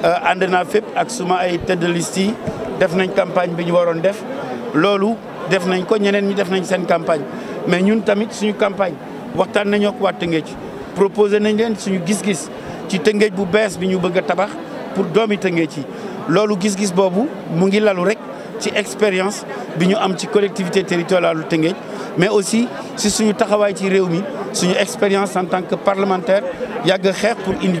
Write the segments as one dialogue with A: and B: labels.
A: Euh, ànd naa fépp ak suma ay tête de def nañ campagne biñu waron def lolu def nañ ko ñeneen ñi def nañ sen campagne mais ñun tamit suñu campagne waxtan nañu ko waa Tëngéej proposé nañ len suñu gis-gis ci Tëngéej bu bes biñu bëgg tabax pour domi Tëngéej yi gis-gis bobu mu ngi lalu rek ci expérience biñu am ci collectivité territoriale Tëngéej mais aussi ci suñu taxaway ci réew mi suñu expérience en tant que parlementaire yag xex pour indi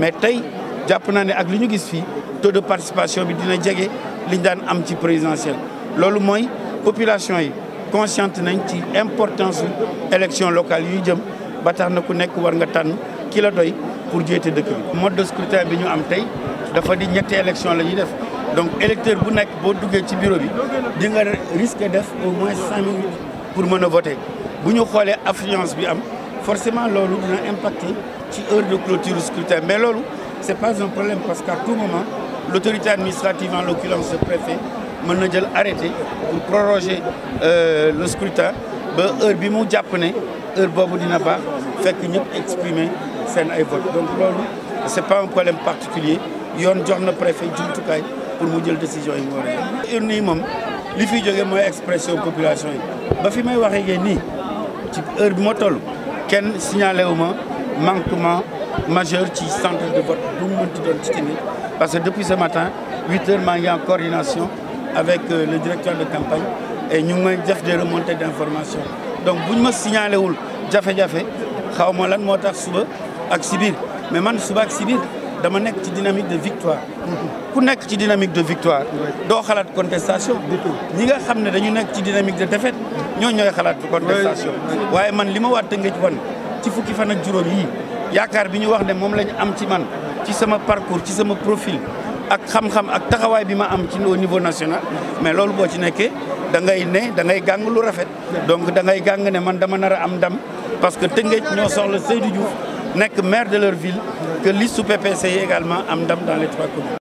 A: Mais, comme nous avons vu, le taux de participation est très important pour les présidentielles. C'est ce que La population est consciente de l'importance de l'élection locale. Nous avons dit qu'il y a des choses qui sont très importantes pour nous. Le mode de scrutin est très important pour nous. Donc, les électeurs qui sont dans le bureau risquent d'être au moins 5 000 pour voter. Si nous avons une affluence, forcément, nous devons impacter ci heure de clôture du scrutin mais ce c'est pas un problème parce qu'à tout moment l'autorité administrative en l'occurrence le préfet m'a na arrêté pour proroger euh, le scrutin ba heure bi mu jàpp ne heure boobu dina baax fekk ñëpp exprimer vote donc ce c'est pas un problème particulier un jox na préfet jumtukaay pour mu jël décision yi mu war a urne yi moom li fiy jógee mooy expression population yi ba fi may waxee ngeen nii ci heure bi toll kenn signalé wu ma manquement majeur ci centre de vote bu mu mënti ci parce que depuis ce matin huit heures maa ngi en coordination avec euh, le directeur de campagne et nous avons fait des remontées donc bu ñu ma signalé Je jafe-jafe xaw ma lan moo tax suba ak si mais man suba ak si biir dama dynamique de victoire ku dans ci dynamique de victoire doo la contestation ñi nga xam ne dañu dans ci dynamique de défaite ñoo ñooy xalaat contestation waaye man que je waa Tëngéej ci fukki fan ak juróom yii yaakaar bi ñu wax ne moom la ñu am ci man ci sama parcours ci sama profil ak xam-xam ak taxawaay bi ma am ci au niveau national mais loolu boo ci nekkee da ngay ne dangay gàng lu rafet donc da ngay gàng ne man dama nar a am ndam parce que Tëngéej ñoo soxla Seydou Diouf nekk maire de leur ville que liste su PPC yi également am ndam dans les trois communes